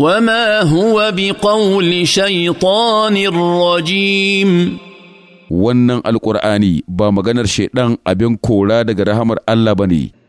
وما هو بقول شيطان rajim. wannan alƙur'ani ba maganar shaiɗan abin kora daga rahamar Allah ba ne